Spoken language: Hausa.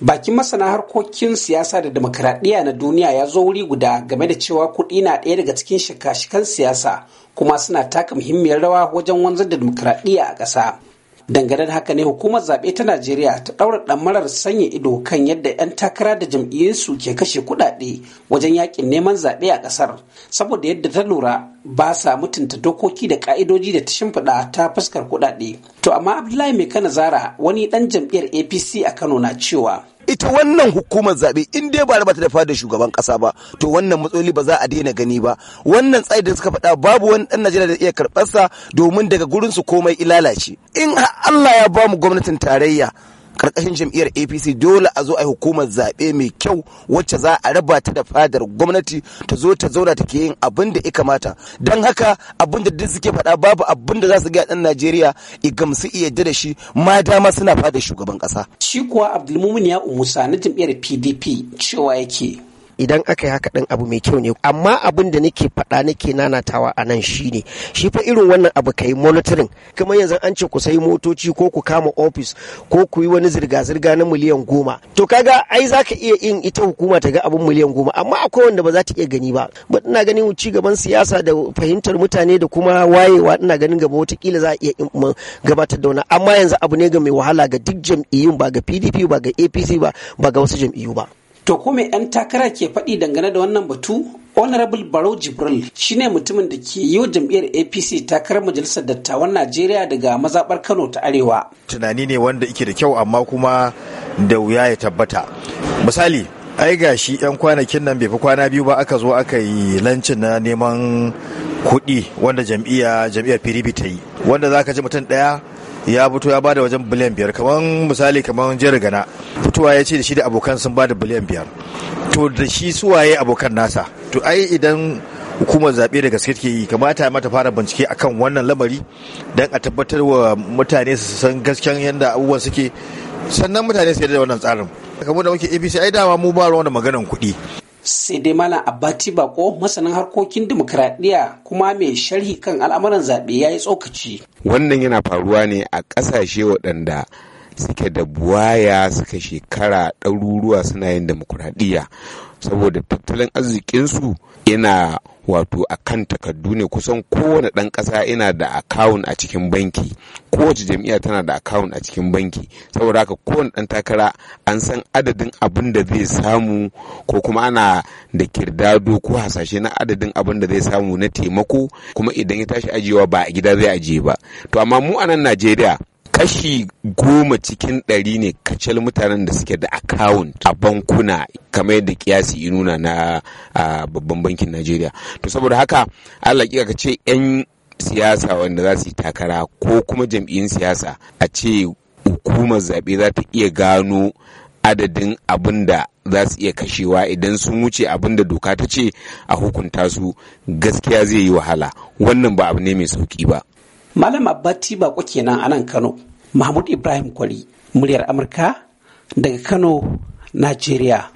Bakin masana harkokin siyasa da demokradiyya na duniya ya zo wuri guda game da cewa kuɗi na ɗaya daga cikin shika-shikan siyasa kuma suna taka muhimmiyar rawa wajen wanzar da demokradiyya a ƙasa. dangane da haka ne hukumar zaɓe ta najeriya ta ɗaura ɗamarar sanya ido kan yadda 'yan takara da jam'iyyarsu ke kashe kuɗaɗe wajen yakin neman zaɓe a ƙasar saboda yadda ta lura ba sa mutunta dokoki da ƙa'idoji da ta shimfiɗa ta fuskar kuɗaɗe to amma abdullahi mai kana zara wani ɗan jam'iyyar apc a kano na cewa ita wannan hukumar zaɓe in dai ba ba ta da fada shugaban ƙasa ba to wannan matsaloli ba za a daina gani ba wannan tsari da suka faɗa babu wani ɗan Najeriya da iya karɓarsa domin daga gurin su komai ilalace in Allah ya ba mu gwamnatin tarayya karkashin jam'iyyar apc dole a zo a yi hukumar zaɓe mai kyau wacce za a raba ta da fadar gwamnati ta zo ta zauna take yin abin da ya kamata don haka abin da duk suke faɗa babu abin da za su ga ɗan najeriya i gamsu iya da shi ma dama suna fada shugaban ƙasa. shi kuwa abdulmumin ya umusa na jam'iyyar pdp cewa yake idan aka yi haka ɗin abu mai kyau ne amma abin da nake faɗa nake nanatawa a nan shi ne shi fa irin wannan abu kai monitoring kuma yanzu an ce ku sai motoci ko ku kama ofis ko ku yi wani zirga-zirga na miliyan goma to kaga ai za ka iya yin ita hukuma ta ga abin miliyan goma amma akwai wanda ba za ta iya gani ba ba ina ganin ci gaban siyasa da fahimtar mutane da kuma wayewa ina ganin gaba watakila za a iya gabatar da wani amma yanzu abu ne ga mai wahala ga duk jam'iyyun ba ga pdp ba ga apc ba ba ga wasu jam'iyyu ba To ko mai 'yan takara ke faɗi dangane da wannan batu? Honorable Barrow Jibril shi ne mutumin da ke yi wa jam'iyyar APC takarar majalisar dattawan Najeriya daga mazaɓar Kano ta Arewa. Tunani ne wanda ike da kyau amma kuma da wuya ya tabbata. Misali, ai gashi 'yan kwanakin nan bai fi kwana biyu ba aka zo aka yi lancin na neman kuɗi wanda jam'iyya jam'iyyar PDP ta yi. Wanda za ka ji mutum ɗaya ya fito ya bada wajen biliyan biyar kamar misali kamar jiyar gana. fitowa ya ce da shi da abokan sun ba da biliyan biyar to da shi suwaye abokan nasa to ai idan hukumar zaɓe da gaske ke yi kamata mata fara bincike akan wannan lamari don a tabbatar wa mutane su san gasken yadda abubuwan suke sannan mutane su yarda da wannan tsarin kamar da muke abc ai dama mu ba ruwan maganan kuɗi sai dai malam abati bako masanin harkokin dimokuraɗiyya kuma mai sharhi kan al'amuran zaɓe ya yi tsokaci wannan yana faruwa ne a ƙasashe waɗanda suke da buwaya suka shekara ɗaruruwa suna yin demokuraɗiyya saboda tattalin arzikinsu yana wato a kan takardu ne kusan kowane ɗan ƙasa yana da akawun a cikin banki kowace jami'a tana da akawun a cikin banki saboda haka kowane ɗan takara an san adadin abin da zai samu ko kuma ana da kirdado ko hasashe na adadin abin da zai samu na taimako kuma idan ya tashi ajiyewa ba a gida zai ajiye ba to amma mu a nan najeriya kashi goma cikin ɗari ne kacal mutanen da suke da akawunt a bankuna kamar yadda kiyasi ya nuna na babban bankin najeriya to saboda haka allah ka ce 'yan siyasa wanda za su yi takara ko kuma jam'iyyun siyasa a ce hukumar zaɓe za ta iya gano adadin abin da za su iya kashewa idan sun wuce abin da doka ta ce a hukunta su gaskiya zai yi wahala wannan ba abu ne mai sauki ba Malam Abbati Bako kenan a nan Kano. Mahmud Ibrahim Kwari, muryar Amurka daga Kano, Najeriya.